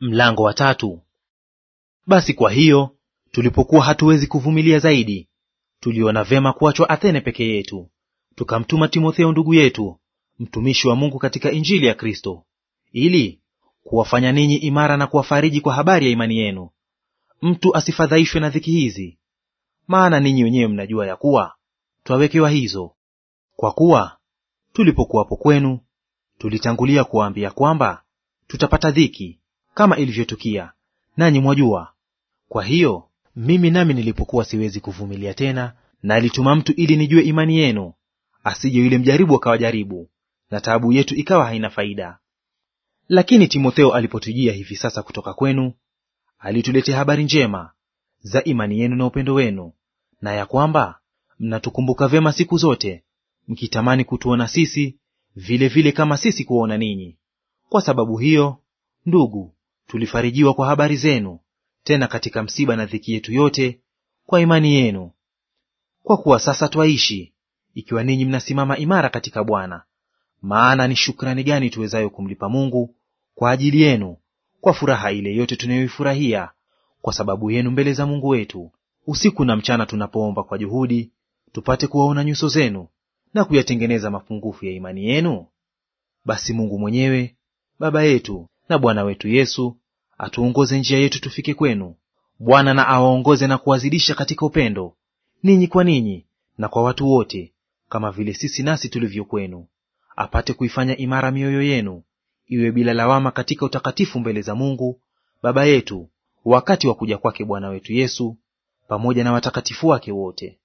Mlango wa tatu. Basi kwa hiyo tulipokuwa hatuwezi kuvumilia zaidi, tuliona vema kuachwa Athene peke yetu, tukamtuma Timotheo ndugu yetu, mtumishi wa Mungu katika Injili ya Kristo, ili kuwafanya ninyi imara na kuwafariji kwa habari ya imani yenu. Mtu asifadhaishwe na dhiki hizi, maana ninyi wenyewe mnajua ya kuwa twawekewa hizo. Kwa kuwa tulipokuwapo kwenu tulitangulia kuwaambia kwamba tutapata dhiki kama ilivyotukia, nanyi mwajua. Kwa hiyo mimi nami nilipokuwa siwezi kuvumilia tena, na alituma mtu ili nijue imani yenu, asije yule mjaribu akawajaribu, na taabu yetu ikawa haina faida. Lakini Timotheo alipotujia hivi sasa kutoka kwenu, alituletea habari njema za imani yenu na upendo wenu, na ya kwamba mnatukumbuka vyema siku zote, mkitamani kutuona sisi vilevile vile kama sisi kuwaona ninyi. Kwa sababu hiyo, ndugu, Tulifarijiwa kwa habari zenu, tena katika msiba na dhiki yetu yote, kwa imani yenu. Kwa kuwa sasa twaishi, ikiwa ninyi mnasimama imara katika Bwana. Maana ni shukrani gani tuwezayo kumlipa Mungu kwa ajili yenu, kwa furaha ile yote tunayoifurahia kwa sababu yenu mbele za Mungu wetu, usiku na mchana tunapoomba kwa juhudi, tupate kuwaona nyuso zenu na kuyatengeneza mapungufu ya imani yenu? Basi Mungu mwenyewe Baba yetu na Bwana wetu Yesu atuongoze njia yetu tufike kwenu. Bwana na awaongoze na kuwazidisha katika upendo ninyi kwa ninyi na kwa watu wote, kama vile sisi nasi tulivyo kwenu, apate kuifanya imara mioyo yenu iwe bila lawama katika utakatifu mbele za Mungu Baba yetu wakati wa kuja kwake Bwana wetu Yesu pamoja na watakatifu wake wote.